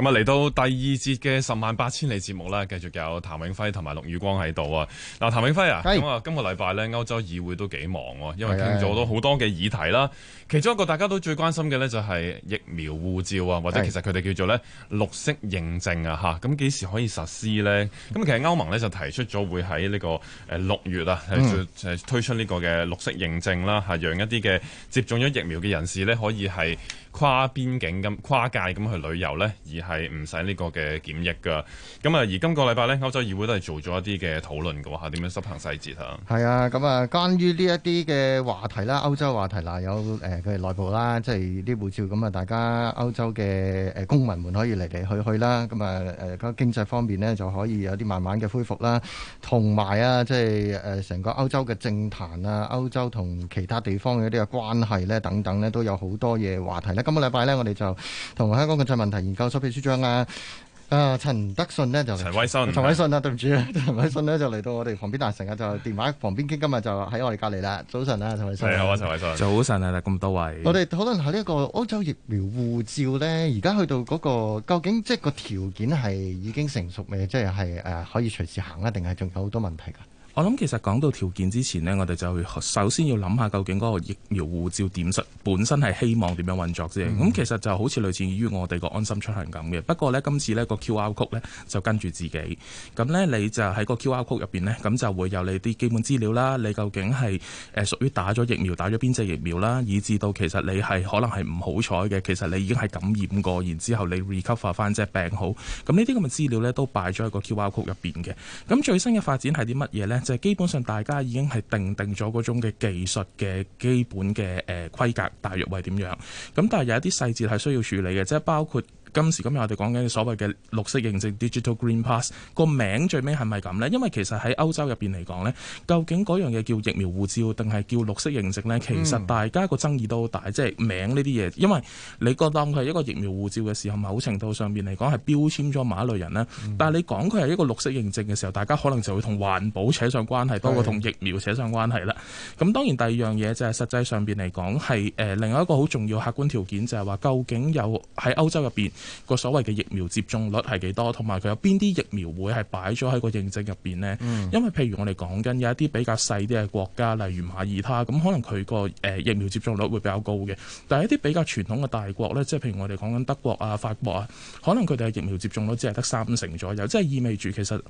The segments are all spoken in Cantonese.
咁啊，嚟到第二節嘅十萬八千里節目咧，繼續有譚永輝同埋陸宇光喺度、呃、啊！嗱是，譚永輝啊，咁啊，今個禮拜咧歐洲議會都幾忙喎、啊，因為傾咗好多好多嘅議題啦。的其中一個大家都最關心嘅咧，就係、是、疫苗護照啊，或者其實佢哋叫做咧綠色認證啊，嚇是。咁幾、啊、時可以實施咧？咁、啊、其實歐盟咧就提出咗會喺呢個誒六月啊，嗯、推出呢個嘅綠色認證啦、啊，係讓一啲嘅接種咗疫苗嘅人士咧，可以係。跨邊境咁、跨界咁去旅遊咧，而係唔使呢個嘅檢疫噶。咁啊，而今個禮拜咧，歐洲議會都係做咗一啲嘅討論嘅喎，嚇點樣執行細節嚇。係啊，咁、嗯、啊，關於呢一啲嘅話題啦，歐洲話題嗱，有誒佢哋內部啦，即係啲護照咁啊，大家歐洲嘅誒公民們可以嚟嚟去去啦。咁啊經濟方面咧就可以有啲慢慢嘅恢復啦。同埋啊，即係誒成個歐洲嘅政壇啊，歐洲同其他地方嘅一啲嘅關係咧，等等咧都有好多嘢話題。啊、今個禮拜咧，我哋就同香港國際問題研究所秘書長啊，啊陳德信呢，就陳偉信，陳偉信啊，對唔住啊，陳偉 信呢，就嚟到我哋旁邊大成啊，就電話旁邊傾，今日就喺我哋隔籬啦。早晨啊，陳偉信,、啊啊、信，係啊，陳偉信，早晨啊，咁多位，我哋討論下呢一個歐洲疫苗護照呢，而家去到嗰、那個究竟即係個條件係已經成熟未？即係誒可以隨時行啊？定係仲有好多問題噶？我諗其實講到條件之前呢，我哋就首先要諗下究竟嗰個疫苗護照點實本身係希望點樣運作啫？咁、嗯、其實就好似類似於我哋個安心出行咁嘅。不過呢，今次呢、QR code 呢就跟住自己。咁呢，你就喺個 QR code 入面呢，咁就會有你啲基本資料啦。你究竟係誒屬於打咗疫苗打咗邊隻疫苗啦？以至到其實你係可能係唔好彩嘅，其實你已經係感染過，然後之後你 recover 翻即病好。咁呢啲咁嘅資料呢，都擺咗喺個 QR code 入面嘅。咁最新嘅發展係啲乜嘢呢？就基本上大家已經係定定咗嗰種嘅技術嘅基本嘅誒規格，大約為點樣咁，但係有一啲細節係需要處理嘅，即係包括。今時今日我哋講緊所謂嘅綠色認證 （Digital Green Pass），個名最尾係咪咁呢？因為其實喺歐洲入面嚟講呢，究竟嗰樣嘢叫疫苗護照定係叫綠色認證呢？其實大家個爭議都好大，嗯、即係名呢啲嘢。因為你覺得佢係一個疫苗護照嘅時候，某程度上面嚟講係標籤咗某一類人呢。嗯、但係你講佢係一個綠色認證嘅時候，大家可能就會同環保扯上關係多過同疫苗扯上關係啦。咁是當然第二樣嘢就係實際上面嚟講係誒，另一個好重要客觀條件就，就係話究竟有喺歐洲入邊？個所謂嘅疫苗接種率係幾多？同埋佢有邊啲疫苗會係擺咗喺個認證入邊呢？嗯、因為譬如我哋講緊有一啲比較細啲嘅國家，例如馬爾他，咁可能佢個誒疫苗接種率會比較高嘅。但係一啲比較傳統嘅大國呢，即係譬如我哋講緊德國啊、法國啊，可能佢哋嘅疫苗接種率只係得三成左右，即係意味住其實。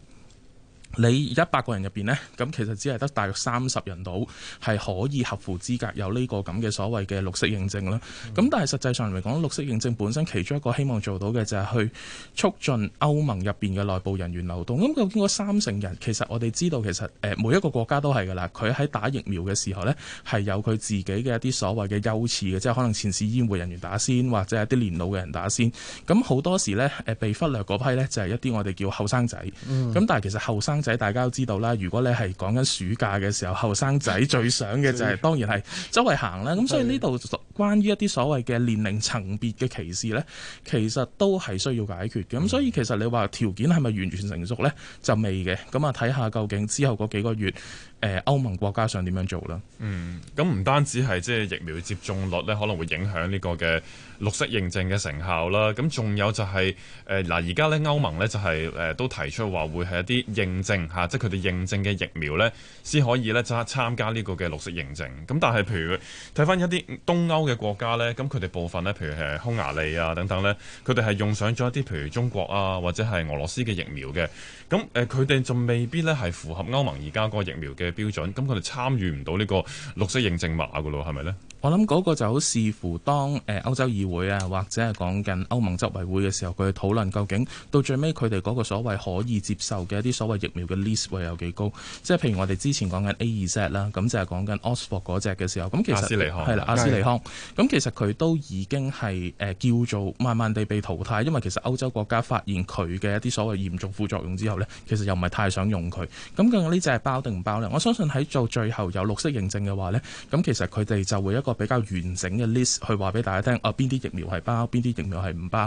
你一百個人入面呢，咁其實只係得大約三十人到係可以合乎資格有呢個咁嘅所謂嘅綠色認證啦。咁、嗯、但係實際上嚟講，綠色認證本身其中一個希望做到嘅就係去促進歐盟入面嘅內部人員流動。咁究竟嗰三成人其實我哋知道，其實誒每一個國家都係噶啦，佢喺打疫苗嘅時候呢，係有佢自己嘅一啲所謂嘅優次嘅，即係可能前線醫護人員打先，或者係啲年老嘅人打先。咁好多時呢，誒被忽略嗰批呢，就係一啲我哋叫後生仔。咁但係其實後生。仔大家都知道啦，如果你係講緊暑假嘅時候，後生仔最想嘅就係、是、 當然係周圍行啦，咁的所以呢度。關於一啲所謂嘅年齡層別嘅歧視呢，其實都係需要解決嘅。咁所以其實你話條件係咪完全成熟呢？就未嘅。咁啊睇下究竟之後嗰幾個月，誒、呃、歐盟國家想點樣做啦。嗯，咁唔單止係即係疫苗接種率呢，可能會影響呢個嘅綠色認證嘅成效啦。咁仲有就係誒嗱，而家呢歐盟呢、就係，就係誒都提出話會係一啲認證嚇、啊，即係佢哋認證嘅疫苗呢，先可以呢，即刻參加呢個嘅綠色認證。咁但係譬如睇翻一啲東歐嘅國家呢，咁佢哋部分呢，譬如係匈牙利啊等等呢，佢哋係用上咗一啲譬如中國啊或者係俄羅斯嘅疫苗嘅，咁誒佢哋仲未必呢係符合歐盟而家個疫苗嘅標準，咁佢哋參與唔到呢個綠色認證碼噶咯，係咪呢？我諗嗰個就好視乎當誒歐洲議會啊，或者係講緊歐盟執委會嘅時候，佢去討論究竟到最尾佢哋嗰個所謂可以接受嘅一啲所謂疫苗嘅 list 會有幾高？即係譬如我哋之前講緊 A2Z 啦，咁就係講緊 Oxford 嗰隻嘅時候，咁其實係啦，阿斯利康。咁的其實佢都已經係誒叫做慢慢地被淘汰，因為其實歐洲國家發現佢嘅一啲所謂嚴重副作用之後呢，其實又唔係太想用佢。咁究竟呢隻係包定唔包呢？我相信喺做最後有綠色認證嘅話呢，咁其實佢哋就會一個。比較完整嘅 list 去話俾大家聽啊，邊啲疫苗係包，邊啲疫苗係唔包。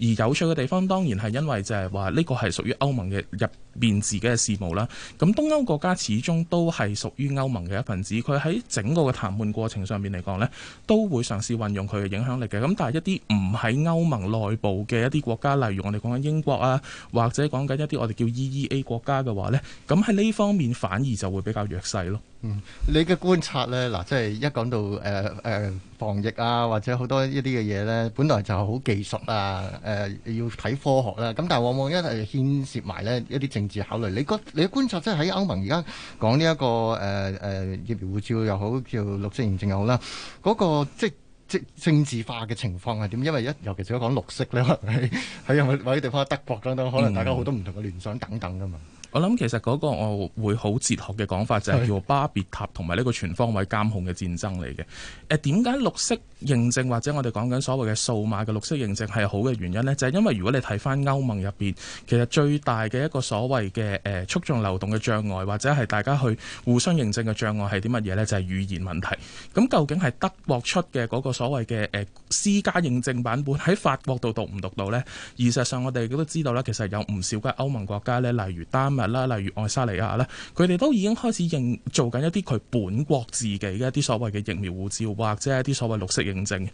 而有趣嘅地方，當然係因為就係話呢個係屬於歐盟嘅入。變自己嘅事務啦，咁東歐國家始終都係屬於歐盟嘅一份子，佢喺整個嘅談判過程上面嚟講呢，都會嘗試運用佢嘅影響力嘅。咁但係一啲唔喺歐盟內部嘅一啲國家，例如我哋講緊英國啊，或者講緊一啲我哋叫 EEA 國家嘅話呢，咁喺呢方面反而就會比較弱勢咯、嗯。你嘅觀察呢，嗱即係一講到誒誒、呃呃、防疫啊，或者好多一啲嘅嘢呢，本來就好技術啊，誒、呃、要睇科學啦、啊。咁但係往往一係牽涉埋呢一啲政，自考慮，你個你嘅觀察即係喺歐盟而家講呢一個誒誒、呃呃、疫苗護照又好，叫綠色認證又好啦，嗰、那個即即政治化嘅情況係點？因為一尤其係講綠色咧，喺喺某某啲地方，德國等等，可能大家好多唔同嘅聯想等等噶嘛。嗯我諗其實嗰個我會好哲學嘅講法就係叫巴別塔同埋呢個全方位監控嘅戰爭嚟嘅。誒、呃，點解綠色認證或者我哋講緊所謂嘅數碼嘅綠色認證係好嘅原因呢？就係、是、因為如果你睇翻歐盟入邊，其實最大嘅一個所謂嘅誒促進流動嘅障礙或者係大家去互相認證嘅障礙係啲乜嘢呢？就係、是、語言問題。咁究竟係德國出嘅嗰個所謂嘅誒、呃、私家認證版本喺法國度讀唔讀到呢？而事實上我哋都知道啦，其實有唔少嘅歐盟國家，例如丹。啦，例如愛沙尼亞咧，佢哋都已經開始認做緊一啲佢本國自己嘅一啲所謂嘅疫苗護照，或者一啲所謂綠色認證。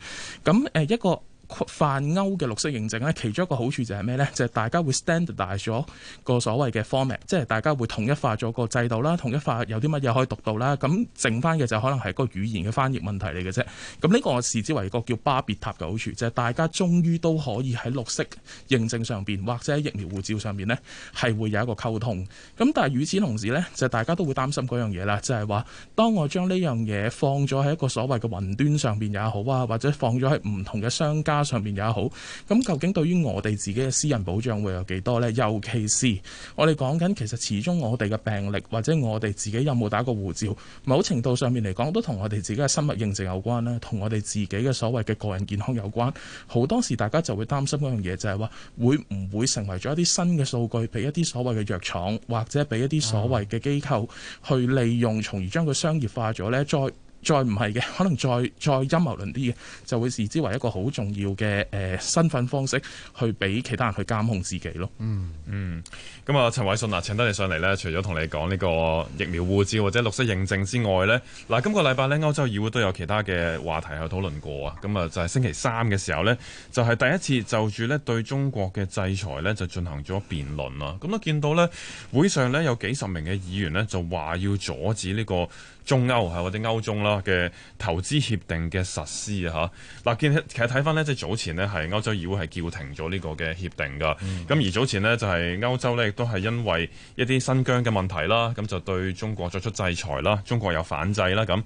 咁誒一個。泛歐嘅綠色認證咧，其中一個好處就係咩呢？就係大家會 standardize 咗個所謂嘅 format，即係大家會統一化咗個制度啦，統一化有啲乜嘢可以讀到啦。咁剩翻嘅就可能係個語言嘅翻譯問題嚟嘅啫。咁呢個我視之為一個叫巴別塔嘅好處，就係大家終於都可以喺綠色認證上邊，或者喺疫苗護照上邊呢，係會有一個溝通。咁但係與此同時呢，就大家都會擔心嗰樣嘢啦，就係話當我將呢樣嘢放咗喺一個所謂嘅雲端上邊也好啊，或者放咗喺唔同嘅商家加上面也好，咁究竟對於我哋自己嘅私人保障會有幾多咧？尤其是我哋講緊，其實始終我哋嘅病歷或者我哋自己有冇打過護照，某程度上面嚟講都同我哋自己嘅生物認證有關啦，同我哋自己嘅所謂嘅個人健康有關，好多時大家就會擔心嗰樣嘢，就係話會唔會成為咗一啲新嘅數據，俾一啲所謂嘅藥廠或者俾一啲所謂嘅機構去利用，從而將佢商業化咗咧？再。再唔係嘅，可能再再陰謀論啲嘅，就會視之為一個好重要嘅誒、呃、身份方式，去俾其他人去監控自己咯。嗯嗯。咁、嗯、啊，陳偉信啊，請得你上嚟，咧，除咗同你講呢個疫苗護照或者綠色認證之外咧，嗱、啊，今個禮拜咧歐洲議會都有其他嘅話題去討論過啊。咁啊，就係、是、星期三嘅時候咧，就係、是、第一次就住咧對中國嘅制裁咧，就進行咗辯論啦。咁啊見到咧，會上咧有幾十名嘅議員咧，就話要阻止呢個中歐係、啊、或者歐中啦。嘅投資協定嘅實施啊，嚇嗱，其實睇返呢，即係早前呢，係歐洲議會係叫停咗呢個嘅協定㗎。咁、嗯、而早前呢，就係歐洲呢，亦都係因為一啲新疆嘅問題啦，咁就對中國作出制裁啦，中國有反制啦，咁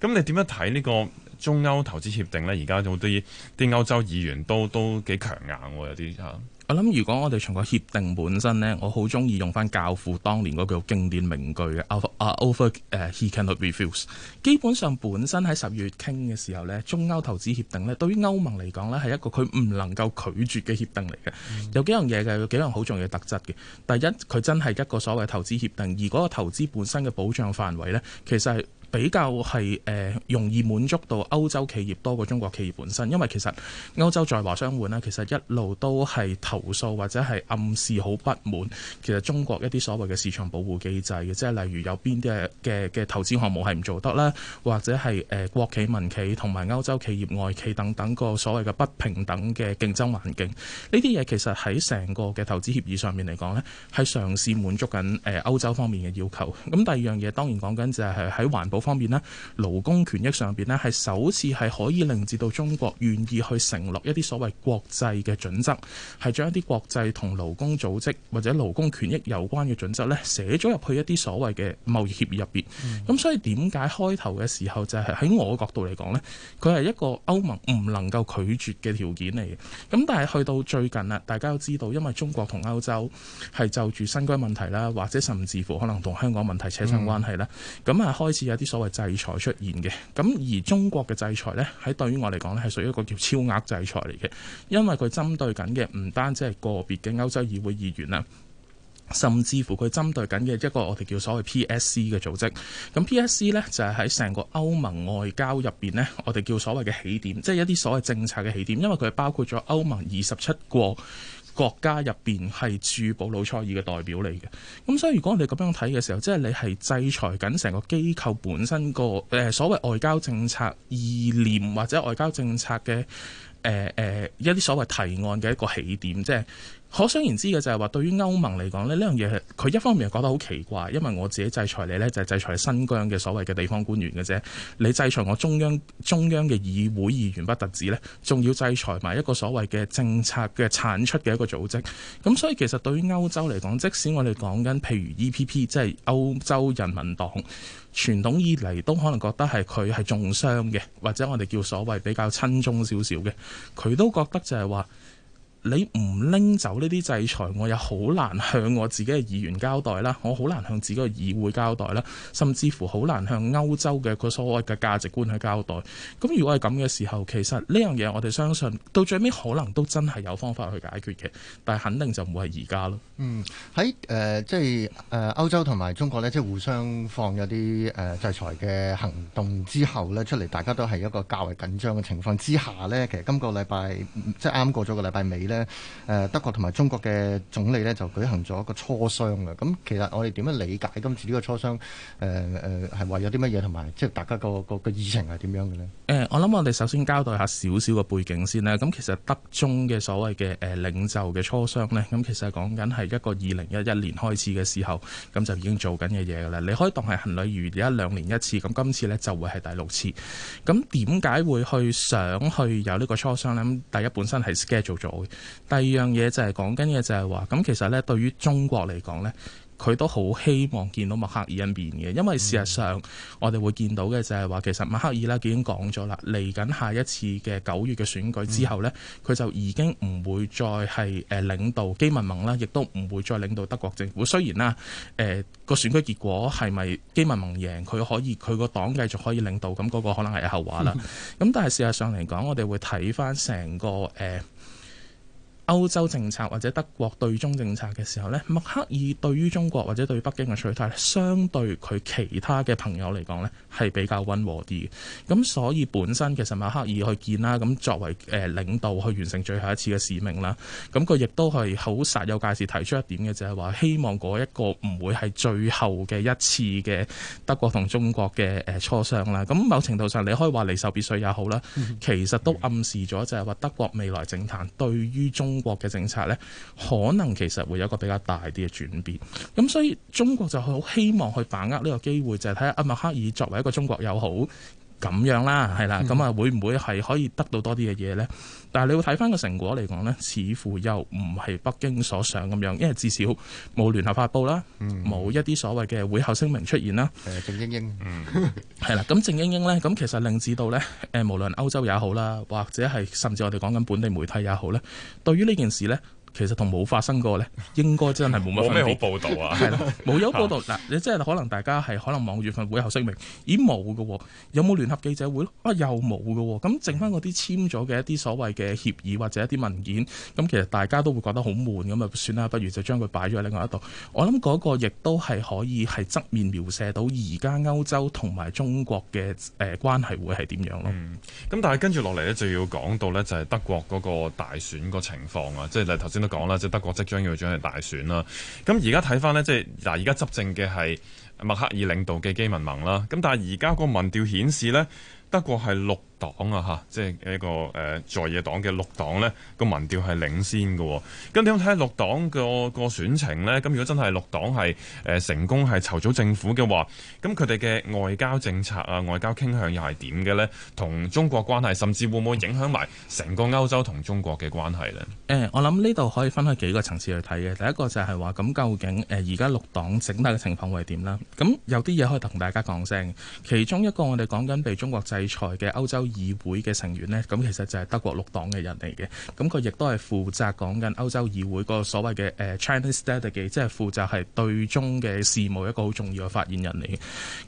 咁你點樣睇呢個中歐投資協定呢？而家有啲啲歐洲議員都都幾強硬喎，有啲嚇。我諗如果我哋從個協定本身咧，我好中意用翻教父當年嗰句經典名句嘅，over，over，誒，he cannot refuse。基本上本身喺十月傾嘅時候咧，中歐投資協定咧，對於歐盟嚟講咧，係一個佢唔能夠拒絕嘅協定嚟嘅。Mm hmm. 有幾樣嘢嘅，有幾樣好重要嘅特質嘅。第一，佢真係一個所謂投資協定，而嗰個投資本身嘅保障範圍咧，其實係。比較係誒容易滿足到歐洲企業多過中國企業本身，因為其實歐洲在華商會呢，其實一路都係投訴或者係暗示好不滿，其實中國一啲所謂嘅市場保護機制嘅，即係例如有邊啲嘅嘅嘅投資項目係唔做得啦，或者係誒國企、民企同埋歐洲企業、外企等等個所謂嘅不平等嘅競爭環境，呢啲嘢其實喺成個嘅投資協議上面嚟講呢，係嘗試滿足緊歐洲方面嘅要求。咁第二樣嘢當然講緊就係喺環保。方面咧，勞工權益上邊咧，係首次係可以令至到中國願意去承諾一啲所謂國際嘅準則，係將一啲國際同勞工組織或者勞工權益有關嘅準則咧，寫咗入去一啲所謂嘅貿易協議入邊。咁、嗯、所以點解開頭嘅時候就係喺我的角度嚟講呢，佢係一個歐盟唔能夠拒絕嘅條件嚟嘅。咁但係去到最近啦，大家都知道，因為中國同歐洲係就住新疆問題啦，或者甚至乎可能同香港問題扯上關係啦，咁啊、嗯、開始有啲，所謂制裁出現嘅，咁而中國嘅制裁呢，喺對於我嚟講咧，係屬於一個叫超額制裁嚟嘅，因為佢針對緊嘅唔單止係個別嘅歐洲議會議員啦，甚至乎佢針對緊嘅一個我哋叫所謂 PSC 嘅組織。咁 PSC 呢，就係喺成個歐盟外交入邊呢，我哋叫所謂嘅起點，即係一啲所謂政策嘅起點，因為佢係包括咗歐盟二十七個。.國家入邊係駐保魯塞爾嘅代表嚟嘅，咁所以如果我哋咁樣睇嘅時候，即係你係制裁緊成個機構本身個誒所謂外交政策意念或者外交政策嘅誒誒一啲所謂提案嘅一個起點，即係。可想而知嘅就係話對於歐盟嚟講咧，呢樣嘢佢一方面係覺得好奇怪，因為我自己制裁你咧，就係、是、制裁新疆嘅所謂嘅地方官員嘅啫。你制裁我中央中央嘅議會議員不特止咧，仲要制裁埋一個所謂嘅政策嘅產出嘅一個組織，咁所以其實對於歐洲嚟講，即使我哋講緊譬如 EPP，即係歐洲人民黨，傳統以嚟都可能覺得係佢係重商嘅，或者我哋叫所謂比較親中少少嘅，佢都覺得就係話。你唔拎走呢啲制裁，我又好難向我自己嘅議員交代啦，我好難向自己嘅議會交代啦，甚至乎好難向歐洲嘅嗰所謂嘅價值觀去交代。咁如果係咁嘅時候，其實呢樣嘢我哋相信到最尾可能都真係有方法去解決嘅，但係肯定就唔會係而家咯。嗯，喺誒、呃、即係誒歐洲同埋中國咧，即係互相放咗啲誒、呃、制裁嘅行動之後咧，出嚟大家都係一個較為緊張嘅情況之下咧，其實今個禮拜即係啱過咗個禮拜尾咧。咧，德國同埋中國嘅總理咧，就舉行咗一個磋商嘅。咁其實我哋點樣理解今次呢個磋商？誒、呃、誒，係、呃、話有啲乜嘢同埋，即係大家嘅個個個議程係點樣嘅咧？誒、呃，我諗我哋首先交代一下少少嘅背景先啦。咁其實德中嘅所謂嘅誒、呃、領袖嘅磋商咧，咁其實講緊係一個二零一一年開始嘅時候咁就已經做緊嘅嘢嘅啦。你可以當係頻率如一兩年一次，咁今次咧就會係第六次。咁點解會去想去有這個初呢個磋商咧？咁第一，本身係 schedule 咗第二樣嘢就係講緊嘅就係話，咁其實咧，對於中國嚟講呢，佢都好希望見到默克爾一面嘅，因為事實上我哋會見到嘅就係話，其實默克爾啦已經講咗啦，嚟緊下，下一次嘅九月嘅選舉之後呢，佢、嗯、就已經唔會再係誒領導基民盟啦，亦都唔會再領導德國政府。雖然啦，誒、呃、個選舉結果係咪基民盟贏，佢可以佢個黨繼續可以領導，咁嗰個可能係後話啦。咁 但係事實上嚟講，我哋會睇翻成個誒，呃歐洲政策或者德國對中政策嘅時候咧，默克爾對於中國或者對於北京嘅取態相對佢其他嘅朋友嚟講咧，係比較溫和啲嘅。咁所以本身其實默克爾去見啦，咁作為誒領導去完成最後一次嘅使命啦，咁佢亦都係好煞有介事提出一點嘅，就係話希望嗰一個唔會係最後嘅一次嘅德國同中國嘅誒磋商啦。咁某程度上你可以話離愁別緒也好啦，其實都暗示咗就係話德國未來政壇對於中國中國嘅政策呢，可能其實會有一個比較大啲嘅轉變，咁所以中國就好希望去把握呢個機會，就係睇下阿默克爾作為一個中國友好。咁樣啦，係啦，咁啊會唔會係可以得到多啲嘅嘢咧？嗯、但係你要睇翻個成果嚟講咧，似乎又唔係北京所想咁樣，因為至少冇聯合發布啦，冇、嗯、一啲所謂嘅會後聲明出現啦。誒、嗯，正英英，嗯，係啦，咁正英英咧，咁其實令至到咧，誒，無論歐洲也好啦，或者係甚至我哋講緊本地媒體也好咧，對於呢件事咧。其實同冇發生過呢，應該真係冇乜冇咩好報導啊！係啦， 冇有報導嗱，你真係可能大家係可能望住份會後聲明，咦冇嘅喎？有冇聯合記者會？啊又冇嘅喎？咁剩返嗰啲簽咗嘅一啲所謂嘅協議或者一啲文件，咁其實大家都會覺得好悶咁啊，算啦，不如就將佢擺咗喺另外一度。我諗嗰個亦都係可以係側面描寫到而家歐洲同埋中國嘅誒、呃、關係會係點樣咯？咁、嗯、但係跟住落嚟呢，就要講到呢，就係、是、德國嗰個大選個情況啊，即係頭先。講啦，即係德國即將要進行大選啦。咁而家睇翻呢，即係嗱，而家執政嘅係默克爾領導嘅基民盟啦。咁但係而家個民調顯示呢，德國係六。黨啊吓即係一個、呃、在野黨嘅綠黨呢，個民調係領先嘅、哦。咁點樣睇綠黨個個選情呢？咁如果真係綠黨係、呃、成功係籌組政府嘅話，咁佢哋嘅外交政策啊、外交傾向又係點嘅呢？同中國關係甚至會唔會影響埋成個歐洲同中國嘅關係呢？欸、我諗呢度可以分開幾個層次去睇嘅。第一個就係話，咁究竟而家綠黨整體嘅情況會係點啦？咁有啲嘢可以同大家講聲。其中一個我哋講緊被中國制裁嘅歐洲議會嘅成員呢，咁其實就係德國綠黨嘅人嚟嘅，咁佢亦都係負責講緊歐洲議會個所謂嘅誒 China Strategy，即係負責係對中嘅事務一個好重要嘅發言人嚟，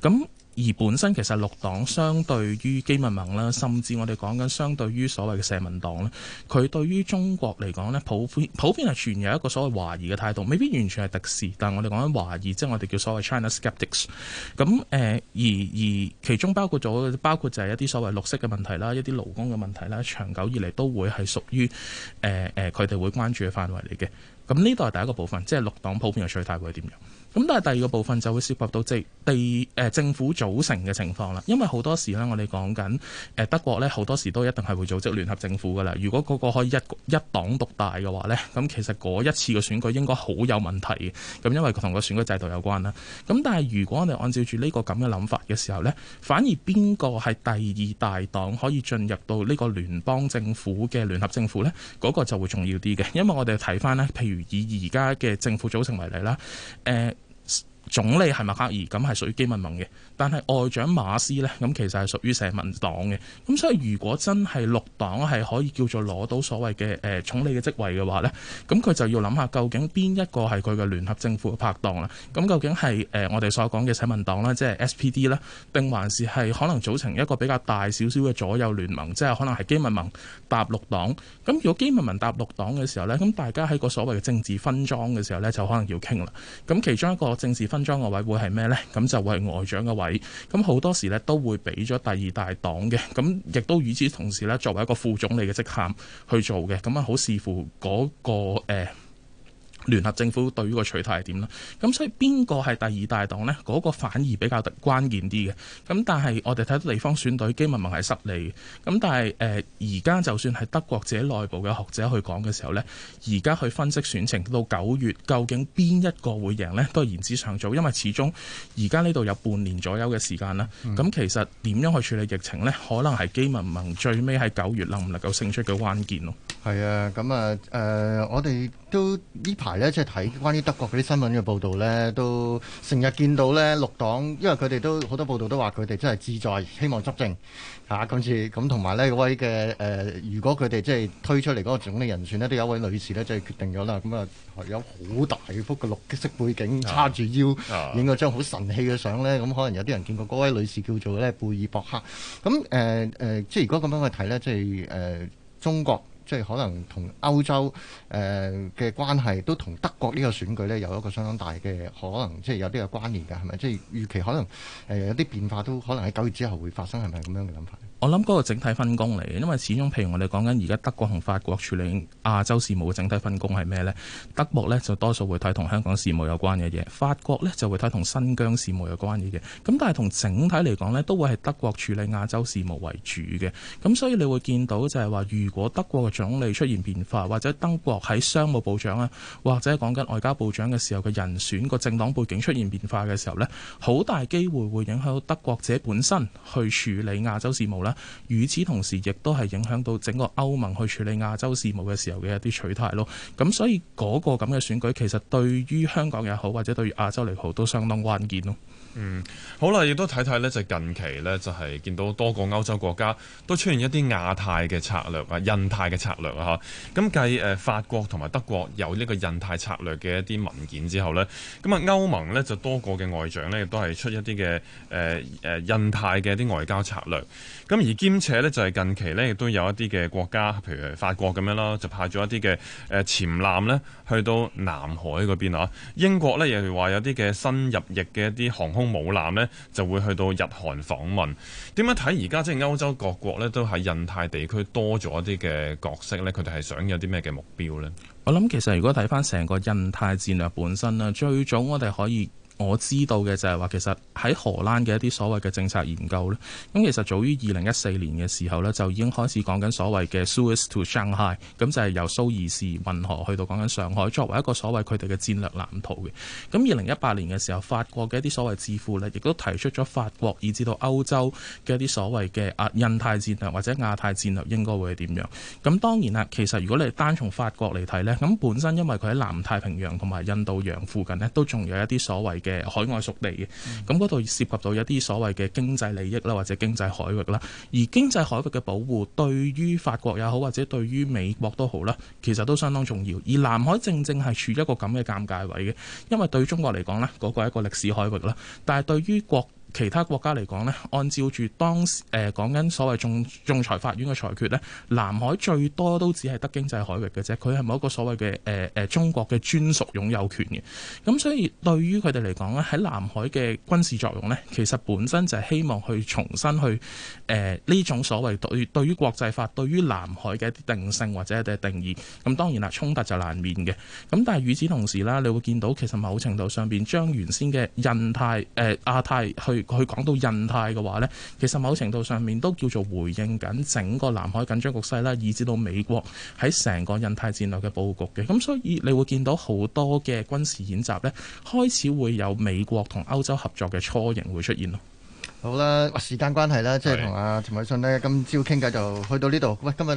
咁。而本身其實綠黨相對於基民盟啦，甚至我哋講緊相對於所謂嘅社民黨啦，佢對於中國嚟講呢，普遍普遍係存有一個所謂懷疑嘅態度，未必完全係敵視，但係我哋講緊懷疑，即係我哋叫所謂 China Skeptics 咁，誒而而其中包括咗，包括就係一啲所謂綠色嘅問題啦，一啲勞工嘅問題啦，長久以嚟都會係屬於誒誒佢哋會關注嘅範圍嚟嘅。咁呢度係第一個部分，即係綠黨普遍嘅取態會點樣？咁但係第二個部分就會涉及到即係地誒政府組成嘅情況啦，因為好多時咧，我哋講緊誒德國咧，好多時都一定係會組織聯合政府噶啦。如果嗰個可以一一黨獨大嘅話咧，咁其實嗰一次嘅選舉應該好有問題嘅。咁因為同個選舉制度有關啦。咁但係如果我哋按照住呢個咁嘅諗法嘅時候咧，反而邊個係第二大黨可以進入到呢個聯邦政府嘅聯合政府咧？嗰個就會重要啲嘅，因為我哋睇返咧，譬如以而家嘅政府組成為例啦，總理係默克爾，咁係屬於基民盟嘅。但係外長馬斯呢，咁其實係屬於社民黨嘅。咁所以如果真係綠黨係可以叫做攞到所謂嘅誒總理嘅職位嘅話呢，咁佢就要諗下究竟邊一個係佢嘅聯合政府嘅拍檔啦。咁究竟係誒、呃、我哋所講嘅社民黨咧，即係 SPD 呢？定還是係可能組成一個比較大少少嘅左右聯盟，即係可能係基民盟搭綠黨。咁如果基民盟搭綠黨嘅時候呢，咁大家喺個所謂嘅政治分贓嘅時候呢，就可能要傾啦。咁其中一個政治分安裝外長嘅位會係咩呢？咁就係外長嘅位，咁好多時呢，都會俾咗第二大黨嘅，咁亦都與此同時呢，作為一個副總理嘅職銜去做嘅，咁啊好視乎嗰、那個誒。呃聯合政府對於個取態係點啦？咁所以邊個係第二大黨呢？嗰、那個反而比較特關鍵啲嘅。咁但係我哋睇到地方選舉基民盟係失利嘅。咁但係誒而家就算係德國自己內部嘅學者去講嘅時候呢，而家去分析選情到九月究竟邊一個會贏呢？都係言之尚早。因為始終而家呢度有半年左右嘅時間啦。咁、嗯、其實點樣去處理疫情呢？可能係基民盟最尾喺九月能唔能夠勝出嘅關鍵咯。係啊，咁啊，誒、呃，我哋都呢排呢，即係睇關於德國嗰啲新聞嘅報道呢，都成日見到呢綠黨，因為佢哋都好多報道都話佢哋真係志在希望執政嚇。今次咁同埋呢位嘅誒、呃，如果佢哋即係推出嚟嗰個總理人選呢，都有一位女士呢，即係決定咗啦。咁啊，有好大幅嘅綠色背景，叉住腰影個張好神氣嘅相呢。咁可能有啲人見過嗰位女士叫做呢貝爾博克。咁誒誒，即係如果咁樣去睇呢，即係誒、呃、中國。即係可能同歐洲誒嘅關係，都同德國呢個選舉呢有一個相當大嘅可能就是的，即係有啲有關聯㗎，係咪？即係預期可能有啲變化，都可能喺九月之後會發生，係咪咁樣嘅諗法？我諗嗰個整體分工嚟嘅，因為始終譬如我哋講緊而家德國同法國處理亞洲事務嘅整體分工係咩呢？德國呢就多數會睇同香港事務有關嘅嘢，法國呢就會睇同新疆事務有關嘅嘢。咁但係同整體嚟講呢，都會係德國處理亞洲事務為主嘅。咁所以你會見到就係話，如果德國嘅。總理出現變化，或者德國喺商務部長啊，或者講緊外交部長嘅時候嘅人選個政黨背景出現變化嘅時候呢，好大機會會影響到德國者本身去處理亞洲事務啦。與此同時，亦都係影響到整個歐盟去處理亞洲事務嘅時候嘅一啲取態咯。咁所以嗰個咁嘅選舉其實對於香港也好，或者對於亞洲嚟好，都相當關鍵咯。嗯，好啦，亦都睇睇咧，就近期咧，就係見到多個歐洲國家都出現一啲亞太嘅策,策略啊，印太嘅策略啊，吓，咁繼誒法國同埋德國有呢個印太策略嘅一啲文件之後咧，咁啊歐盟咧就多個嘅外長咧亦都係出一啲嘅誒誒印太嘅一啲外交策略。咁而兼且咧就係近期咧亦都有一啲嘅國家，譬如法國咁樣啦，就派咗一啲嘅誒潛艦咧去到南海嗰邊啊。英國咧亦話有啲嘅新入役嘅一啲航空。武艦呢就會去到日韓訪問，點樣睇而家即係歐洲各國呢都喺印太地區多咗啲嘅角色呢，佢哋係想有啲咩嘅目標呢？我諗其實如果睇翻成個印太戰略本身啦，最早我哋可以。我知道嘅就係話，其實喺荷蘭嘅一啲所謂嘅政策研究呢，咁其實早於二零一四年嘅時候呢，就已經開始講緊所謂嘅 Suez to Shanghai，咁就係由蘇伊士運河去到講緊上海，作為一個所謂佢哋嘅戰略藍圖嘅。咁二零一八年嘅時候，法國嘅一啲所謂智庫呢，亦都提出咗法國以至到歐洲嘅一啲所謂嘅印太戰略或者亞太戰略應該會係點樣？咁當然啦，其實如果你單從法國嚟睇呢，咁本身因為佢喺南太平洋同埋印度洋附近呢，都仲有一啲所謂海外屬地嘅，咁嗰度涉及到一啲所謂嘅經濟利益啦，或者經濟海域啦，而經濟海域嘅保護對於法國也好，或者對於美國都好啦，其實都相當重要。而南海正正係處一個咁嘅尷尬位嘅，因為對中國嚟講咧，嗰個係一個歷史海域啦，但係對於國。其他國家嚟講咧，按照住當時誒講緊所謂仲仲裁法院嘅裁決咧，南海最多都只係得經濟海域嘅啫，佢係冇一個所謂嘅誒誒中國嘅專屬擁有權嘅。咁所以對於佢哋嚟講咧，喺南海嘅軍事作用咧，其實本身就係希望去重新去誒呢、呃、種所謂對對於國際法對於南海嘅一啲定性或者一啲定義，咁當然啦，衝突就難免嘅。咁但係與此同時啦，你會見到其實某程度上邊將原先嘅印太誒、呃、亞太去佢講到印太嘅話咧，其實某程度上面都叫做回應緊整個南海緊張局勢啦，以至到美國喺成個印太戰略嘅布局嘅。咁所以你會見到好多嘅軍事演習咧，開始會有美國同歐洲合作嘅雛形會出現咯。好啦，時間關係啦，即係同阿陳偉信咧，今朝傾偈就去到呢度。喂，今日